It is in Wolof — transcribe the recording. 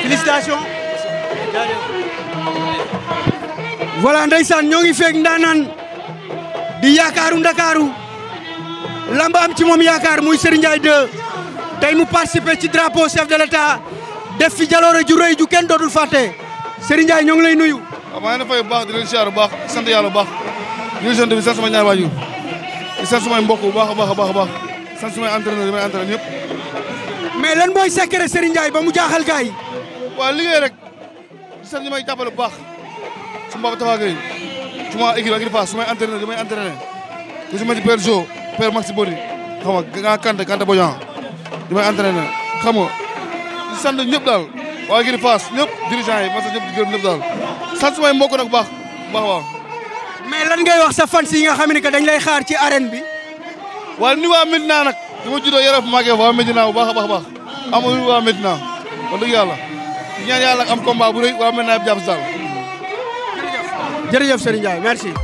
félicitations voilà ndeysaan ñoo ngi feeg ndaanaan di yakaru ndakaru lamba am ci moom yaakaar muy Serigne Ndiaye 2 tey mu participer ci drapeau chef de l'état def fi jaloore ju rëy ju kenn dootul fàtte Serigne Ndiaye ñoo ngi lay nuyu. de ah, maa ngi fay bu baax di leen siyaar bu baax sant yàlla bu baax di leen sant bi sant sama de waajur di sant samay mbokk bu baax a baax a baax entraîneur yi entraîneur yëpp. mais lan mooy secret Serigne Ndiaye ba mu jaaxal gars Wali liggéey rek di sant ñi may jàppale bu baax su ma Tapha Gueye su ma équipe ak Fass su may entraîné damay entraîné ku si mel ni Père Jo Père Maxi Bodi xam nga gaa Kante Kante Bojan damay entraîné xam nga di sant ñëpp daal waa Giri Fass ñëpp dirigeant yi ma sant ñëpp di gërëm ñëpp daal sant su may mbokk nag bu baax bu baax waaw. mais lan ngay wax sa fans yi nga xam ne dañ lay xaar ci arène bi. waaye ni waa Medina nag dama juddoo Yaraaf màggee waa Medina bu baax baax baax amul waa Medina wax dëgg yàlla. Ya ñaan yàlla am combat bu rëy waa mel naa yëpp jàpp si daal. jërëjëf jërëjëf Serigne